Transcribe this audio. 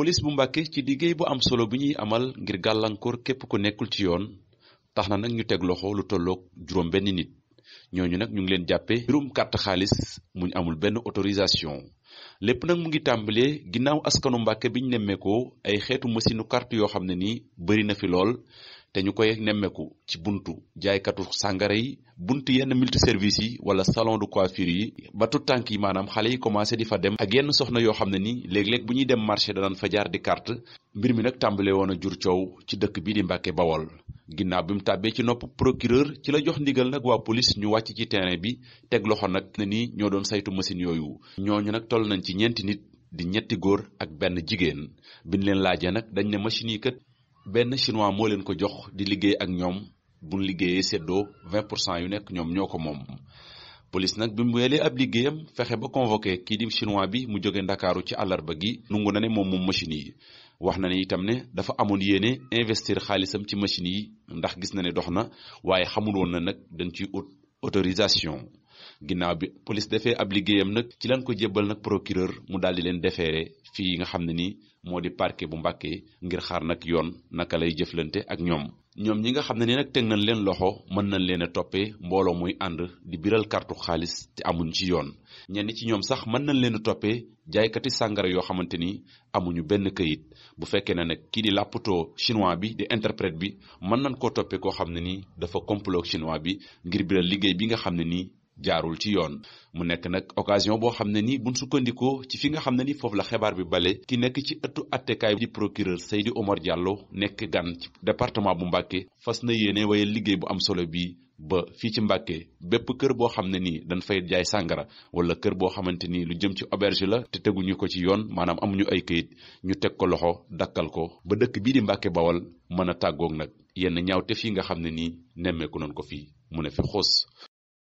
police bu Mbàkke ci liggéey bu am solo bi ñuy amal ngir gàllankoor képp ku nekkul ci yoon tax na nag ñu teg loxo lu tolloog juróom benn nit ñooñu nag ñu ngi leen jàppee mbirum carte xaalis muñ amul benn autorisation lépp nag mu ngi tàmbalee ginnaaw askanu Mbàkke bi ñu nemmeekoo ay xeetu machine carte yoo xam ne nii bëri na fi lool te ñu koy nemmeeku ci buntu jaaykatu sàngara yi buntu yenn multiservice yi wala salon de coiffure yi ba tout tànk yi maanaam xale yi commencé di fa dem ak yenn soxna yoo xam ne ni léeg-léeg bu ñuy dem marché danañ fa jaar di kart mbir mi nag tàmbale woon a jur coow ci dëkk bii di Mbàkke Bawol ginnaaw bi mu tàbbee ci nopp procureur ci la jox ndigal nag waa police ñu wàcc ci terrain bi teg loxo nag ne ni ñoo doon saytu machine yooyu ñooñu nag toll nañ ci ñeenti nit di ñetti góor ak benn jigéen biñ leen laajee nag dañ ne machine yi benn chinois moo leen ko jox di liggéey ak ñoom buñ liggéeyee seddoo 20 pour cent yu nekk ñoom ñoo ko moom. police nag bi mu welee ab liggéeyam fexe ba convoqué kii di chinois bi mu jóge ndakaaru ci àllarba gi nungu na ne moom moom machine yi wax na ne itam ne dafa amoon yéene investir xaalisam ci machine yi ndax gis na ne dox na waaye xamul woon na nag dañ ci ut autorisation. ginnaaw bi police defee ab liggéeyam nag ci leen ko jébbal nag procureur mu daal di leen defeere fii nga xam ne ni moo di parquet bu Mbàkke ngir xaar nag yoon naka lay jëflante ak ñoom ñoom ñi nga xam ne ni nag teg nañ leen loxo mën nañ leen a toppee mbooloo muy ànd di biral kartu xaalis te amuñu ci yoon ñenn ci ñoom sax mën nañ leen a toppee jaaykati sàngara yoo xamante ni amuñu benn kayit bu fekkee ne nag kii di làppatoo chinois bi di interprète bi mën nañ koo toppee koo xam ne ni dafa complot chinois bi ngir biral liggéey bi nga xam ne nii jaarul ci yoon mu nekk nag occasion boo xam ne ni buñ sukkandikoo ci fi nga xam ne ni foofu la xibaar bi bale ki nekk ci ëttu attekaay di procureur Seydi Omar Diallo nekk gan ci département bu Mbàkke fas na yéene waye liggéey bu am solo bi ba fii ci Mbàkke bépp kër boo xam ne ni dañ fay jaay sàngara wala kër boo xamante ni lu jëm ci auberge la te teguñu ko ci yoon maanaam amuñu ay kayit ñu teg ko loxo dakkal ko ba dëkk bii di Mbàkke Bawal mën a tàggoog nag yenn ñaawte fii nga xam ne nii nemmeeku nañ ko fii mu ne fi